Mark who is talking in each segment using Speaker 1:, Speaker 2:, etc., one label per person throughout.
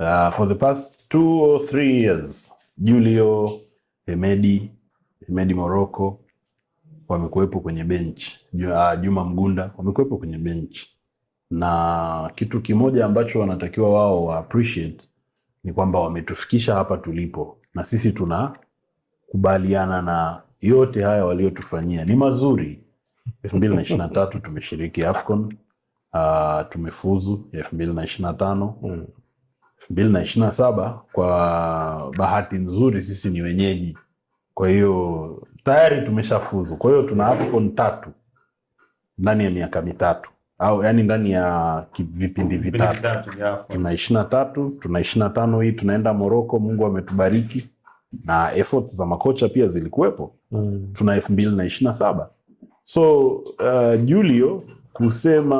Speaker 1: Uh, for the past two or three years Julio Hemedi, Hemedi Morocco wamekuwepo kwenye bench, uh, Juma Mgunda wamekuwepo kwenye bench, na kitu kimoja ambacho wanatakiwa wao wa appreciate ni kwamba wametufikisha hapa tulipo, na sisi tunakubaliana na yote haya waliotufanyia ni mazuri. 2023 tumeshiriki AFCON, uh, tumefuzu 2025 mm elfu mbili na ishirini na saba kwa bahati nzuri sisi ni wenyeji, kwa hiyo tayari tumeshafuzu. Kwa hiyo tuna AFCON tatu ndani ya miaka mitatu au yani ndani ya vipindi vitatu, tuna ishirini na tatu tuna ishirini na tano hii tunaenda Moroko. Mungu ametubariki na efforts za makocha pia zilikuwepo mm. tuna elfu mbili na ishirini na saba so uh, Julio kusema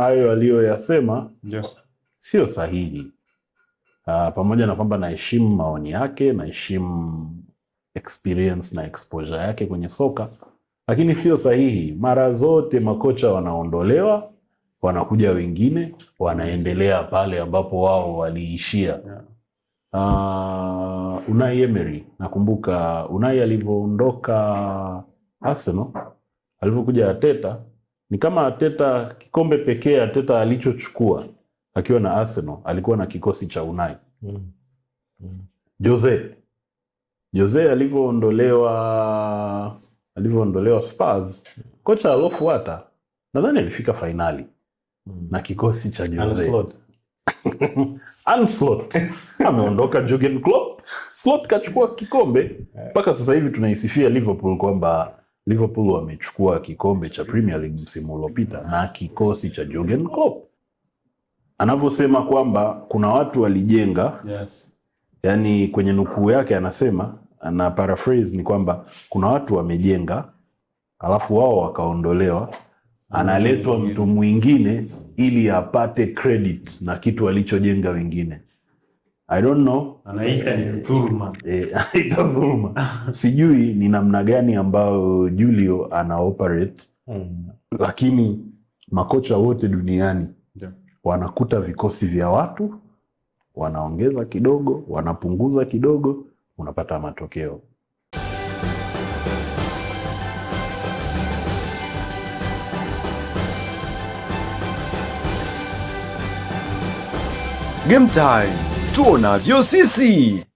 Speaker 1: hayo aliyoyasema yes. sio sahihi Uh, pamoja na kwamba naheshimu maoni yake, naheshimu experience na exposure yake kwenye soka, lakini sio sahihi. Mara zote makocha wanaondolewa, wanakuja wengine, wanaendelea pale ambapo wao waliishia. Uh, Unai Emery, nakumbuka Unai alivyoondoka Arsenal, alivyokuja Ateta, ni kama Ateta, kikombe pekee Ateta alichochukua akiwa na Arsenal alikuwa na kikosi cha Unai mm. Mm. Jose Jose alivyoondolewa alivyoondolewa Spurs, kocha alofuata nadhani alifika fainali mm. na kikosi cha Jose Anslot ameondoka Jurgen Klopp, Slot kachukua kikombe mpaka sasa hivi tunaisifia Liverpool kwamba Liverpool wamechukua kikombe cha Premier League msimu uliopita na kikosi cha Jurgen Klopp anavyosema kwamba kuna watu walijenga yes. Yani kwenye nukuu yake anasema na paraphrase ni kwamba kuna watu wamejenga, alafu wao wakaondolewa, analetwa mtu mwingine ili apate credit na kitu alichojenga wengine. I don't know,
Speaker 2: anaita ni dhuluma
Speaker 1: e, anaita dhuluma sijui ni namna gani ambayo Julio ana operate mm. Lakini makocha wote duniani yeah wanakuta vikosi vya watu, wanaongeza kidogo, wanapunguza kidogo, unapata matokeo. Game time tuonavyo sisi.